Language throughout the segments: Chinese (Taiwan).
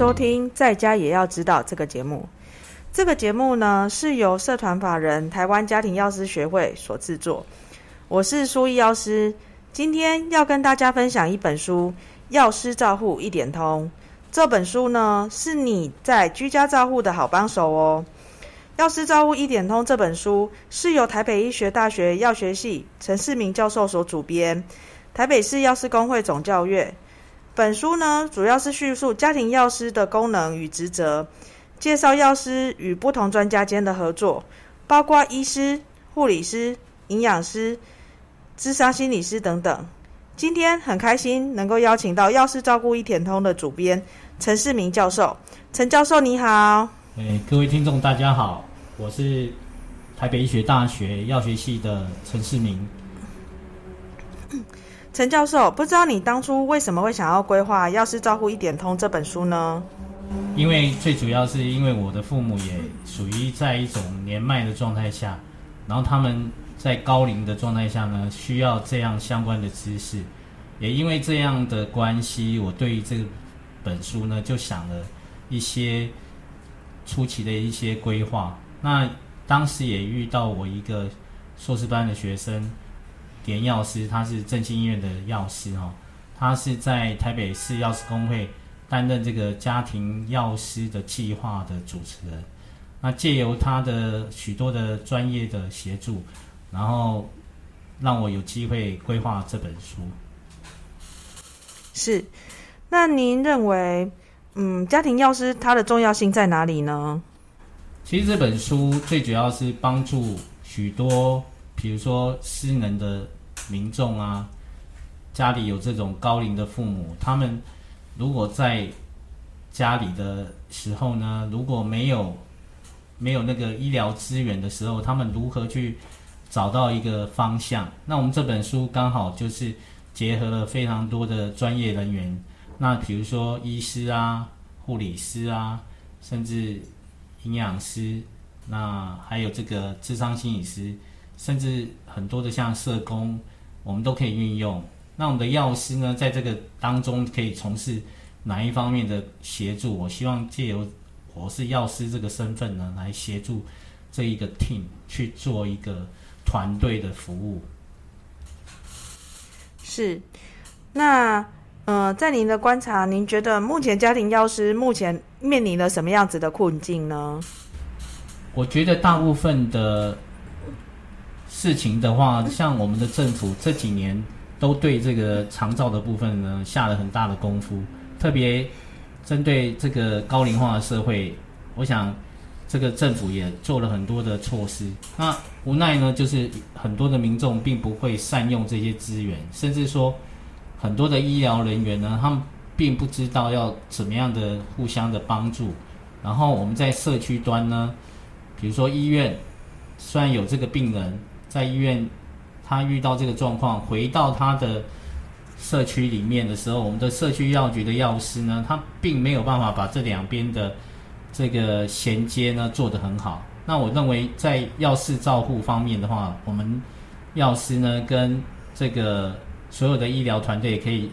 收聽在家也要知道這個節目，這個節目呢是由社團法人台灣家庭藥師學會所製作。我是蘇義藥師，今天要跟大家分享一本書《藥事照護一點通》。這本書呢是你在居家照護的好幫手哦。《藥事照護一點通》這本書是由台北醫學大學藥學系陳世銘教授所主編，台北市藥師工會總教閱。本書呢，主要是敘述家庭藥師的功能與職責，介紹藥師與不同專家間的合作，包括醫師、護理師、營養師、諮商心理師等等。今天很開心能夠邀請到藥事照護一點通的主編陳世銘教授。陳教授你好。誒，各位聽眾大家好，我是台北醫學大學藥學系的陳世銘。陳教授，不知道你當初為什麼會想要規劃《藥事照護一點通》這本書呢？因為最主要是因為我的父母也屬於在一種年邁的狀態下，然後他們在高齡的狀態下呢，需要這樣相關的知識。也因為這樣的關係，我對於這本書呢就想了一些初期的一些規劃。那當時也遇到我一個碩士班的學生。田藥師，他是振興醫院的藥師哦，他是在台北市藥師公會擔任這個家庭藥師的計劃的主持人。那借由他的許多的專業的協助，然後讓我有機會規劃這本書。是，那您認為，嗯，家庭藥師它的重要性在哪裡呢？其實這本書最主要是幫助許多。比如說，失能的民眾啊，家裡有這種高齡的父母，他們如果在家裡的時候呢，如果沒有沒有那個醫療資源的時候，他們如何去找到一個方向？那我們這本書剛好就是結合了非常多的專業人員，那比如說醫師啊、護理師啊，甚至營養師，那還有這個諮商心理師。甚至很多的像社工，我們都可以運用。那我們的藥師呢，在這個當中可以從事哪一方面的協助？我希望借由我是藥師這個身份呢，來協助這一個 team 去做一個團隊的服務。是。那呃，在您的觀察，您覺得目前家庭藥師目前面臨了什麼樣子的困境呢？我覺得大部分的。事情的話，像我們的政府這幾年都對這個腸道的部分呢，下了很大的功夫，特別針對這個高齡化的社會，我想這個政府也做了很多的措施。那無奈呢，就是很多的民眾並不會善用這些資源，甚至說很多的醫療人員呢，他們並不知道要怎麼樣的互相的幫助。然後我們在社區端呢，比如說醫院雖然有這個病人。在醫院，他遇到這個狀況，回到他的社區裡面的時候，我們的社區藥局的藥師呢，他並沒有辦法把這兩邊的這個銜接呢做得很好。那我認為，在藥事照護方面的話，我們藥師呢，跟這個所有的醫療團隊也可以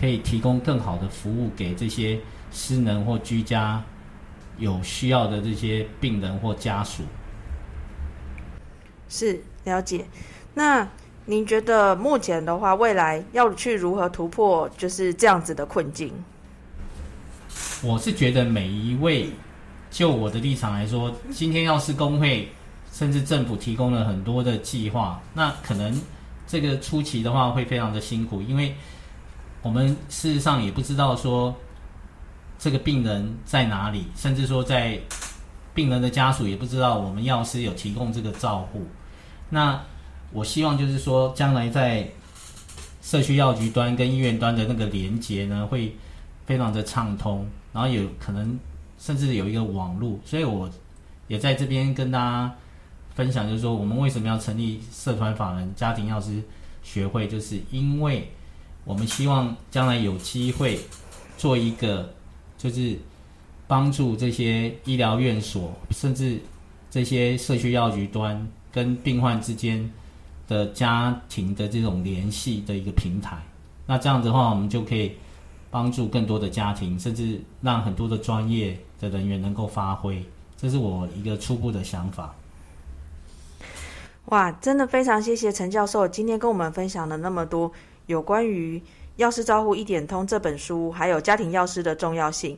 可以提供更好的服務給這些失能或居家有需要的這些病人或家屬。是。了解，那您覺得目前的話，未來要去如何突破就是這樣子的困境？我是覺得每一位，就我的立場來說，今天藥師工會甚至政府提供了很多的計劃，那可能這個初期的話會非常的辛苦，因為我們事實上也不知道說這個病人在哪裡，甚至說在病人的家屬也不知道我們藥師有提供這個照顧。那我希望就是說，將來在社區藥局端跟醫院端的那個連接呢，會非常的暢通，然後有可能甚至有一個網路。所以，我也在這邊跟大家分享，就是說，我們為什麼要成立社團法人家庭藥師學會，就是因為我們希望將來有機會做一個，就是幫助這些醫療院所，甚至這些社區藥局端，跟病患之間的家庭的這種聯繫的一個平台，那這樣子的話，我們就可以幫助更多的家庭，甚至讓很多的專業的人員能夠發揮。這是我一個初步的想法。哇，真的非常謝謝陳教授今天跟我們分享了那麼多有關於《藥事照護一點通》這本書，還有家庭藥師的重要性。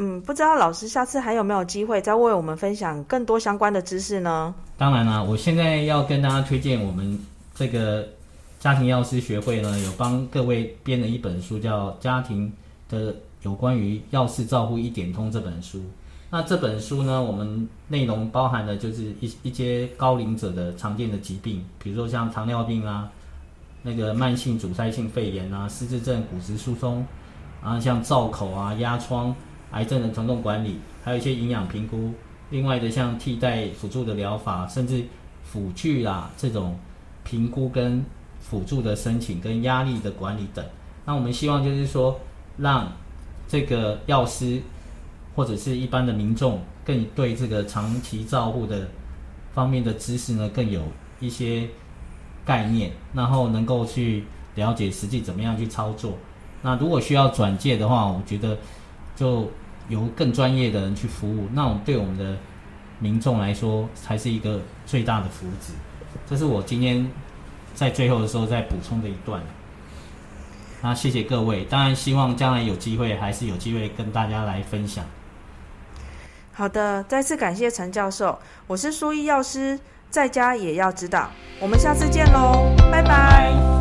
嗯，不知道老師下次還有沒有機會再為我們分享更多相關的知識呢？當然啦、啊，我現在要跟大家推薦我們這個家庭藥師學會呢，有幫各位編了一本書，叫《家庭的有關於藥事照護一點通》這本書。那這本書呢，我們內容包含了就是一一些高齡者的常見的疾病，比如說像糖尿病啊，那個慢性阻塞性肺炎啊，失智症、骨質疏鬆啊，像造口啊、壓瘡。癌症的疼痛管理，還有一些營養評估，另外的像替代輔助的療法，甚至輔具啦這種評估跟補助的申請跟壓力的管理等。那我們希望就是說，讓這個藥師或者是一般的民眾，更對這個長期照護的方面的知識呢，更有一些概念，然後能夠去了解實際怎麼樣去操作。那如果需要轉介的話，我覺得。就由更專業的人去服務，那我們對我們的民眾來說才是一個最大的福祉。這是我今天在最後的時候再補充的一段。那謝謝各位，當然希望將來有機會還是有機會跟大家來分享。好的，再次感謝陳教授，我是蘇醫藥師，在家也要指導，我們下次見嘍，拜拜。